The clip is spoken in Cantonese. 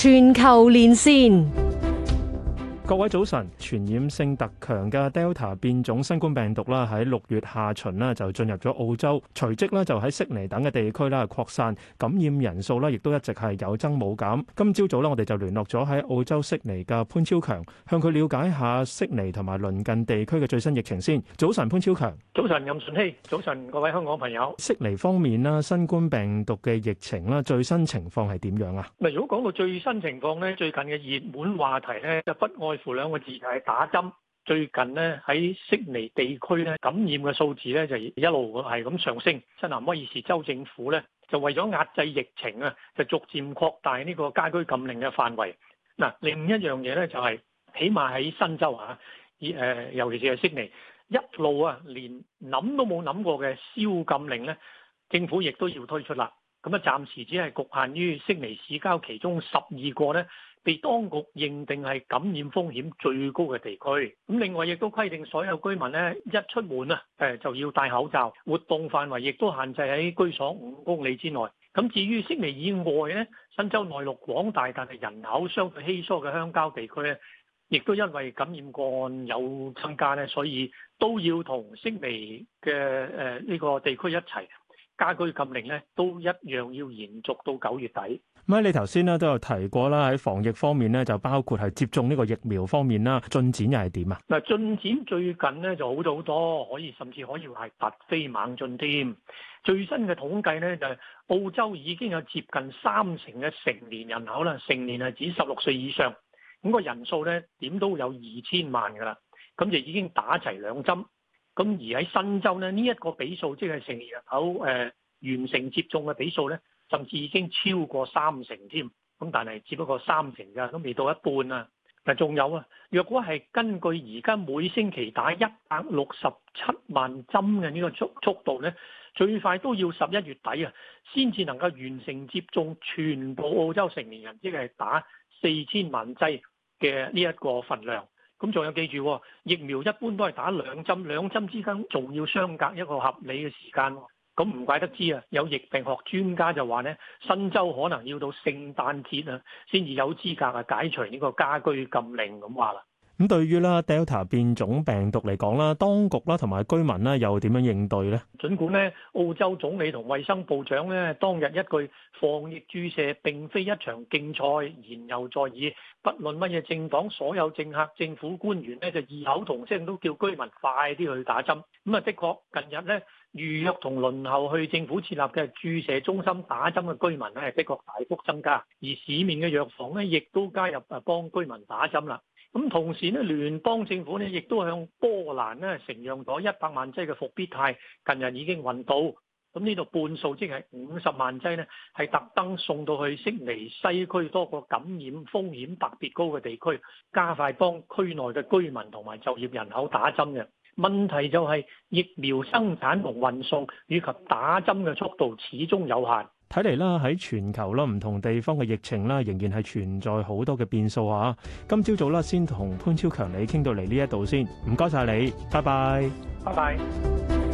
全球連線。各位早晨，傳染性特強嘅 Delta 變種新冠病毒啦，喺六月下旬咧就進入咗澳洲，隨即咧就喺悉尼等嘅地區咧擴散，感染人數咧亦都一直係有增冇減。今朝早咧我哋就聯絡咗喺澳洲悉尼嘅潘昭強，向佢了解下悉尼同埋鄰近地區嘅最新疫情先。早晨，潘昭強。早晨，任順熙。早晨，各位香港朋友。悉尼方面咧，新冠病毒嘅疫情咧最新情況係點樣啊？嗱，如果講到最新情況咧，最近嘅熱門話題咧就不外乎兩個字就係打針。最近呢，喺悉尼地區咧感染嘅數字咧就一路係咁上升。新南威爾士州政府咧就為咗壓制疫情啊，就逐漸擴大呢個家居禁令嘅範圍。嗱、啊，另一樣嘢咧就係、是、起碼喺新州啊，誒尤其是係悉尼一路啊，連諗都冇諗過嘅宵禁令咧，政府亦都要推出啦。咁啊，暫時只係局限於悉尼市郊其中十二個咧，被當局認定係感染風險最高嘅地區。咁另外亦都規定，所有居民咧一出門啊，誒，就要戴口罩，活動範圍亦都限制喺居所五公里之內。咁至於悉尼以外咧，新州內陸廣大但係人口相對稀疏嘅鄉郊地區咧，亦都因為感染個案有增加咧，所以都要同悉尼嘅誒呢個地區一齊。家居禁令咧都一樣要延續到九月底。咁你頭先咧都有提過啦，喺防疫方面咧就包括係接種呢個疫苗方面啦，進展又係點啊？嗱，進展最近咧就好咗好多，可以甚至可以話係突飛猛進添。最新嘅統計咧就係、是、澳洲已經有接近三成嘅成年人口啦，成年係指十六歲以上，咁、那個人數咧點都有二千萬㗎啦，咁就已經打齊兩針。咁而喺新州咧，呢、這、一個比數即係成年人口誒、呃、完成接種嘅比數咧，甚至已經超過三成添。咁但係只不過三成㗎，都未到一半啊。但仲有啊，若果係根據而家每星期打一百六十七萬針嘅呢個速速度咧，最快都要十一月底啊，先至能夠完成接種全部澳洲成年人，即係打四千萬劑嘅呢一個份量。咁仲有記住，疫苗一般都係打兩針，兩針之間仲要相隔一個合理嘅時間。咁唔怪得知啊，有疫病學專家就話呢，新州可能要到聖誕節啊，先至有資格啊解除呢個家居禁令咁話啦。咁對於啦，Delta 變種病毒嚟講啦，當局啦同埋居民咧又點樣應對呢？儘管咧澳洲總理同衛生部長呢，當日一句防疫注射並非一場競賽，言猶在耳，不論乜嘢政黨，所有政客、政府官員呢，就異口同聲都叫居民快啲去打針。咁啊，的確近日呢，預約同輪候去政府設立嘅注射中心打針嘅居民咧，的確大幅增加，而市面嘅藥房呢，亦都加入啊幫居民打針啦。咁同時咧，聯邦政府咧亦都向波蘭咧承讓咗一百萬劑嘅復必泰，近日已經運到。咁呢度半數即係五十萬劑呢，係特登送到去悉尼西區多個感染風險特別高嘅地區，加快幫區內嘅居民同埋就業人口打針嘅。問題就係疫苗生產同運送以及打針嘅速度始終有限。睇嚟啦，喺全球啦唔同地方嘅疫情啦，仍然係存在好多嘅變數吓啊。今朝早啦，先同潘昭強你傾到嚟呢一度先，唔該晒你，拜拜，拜拜。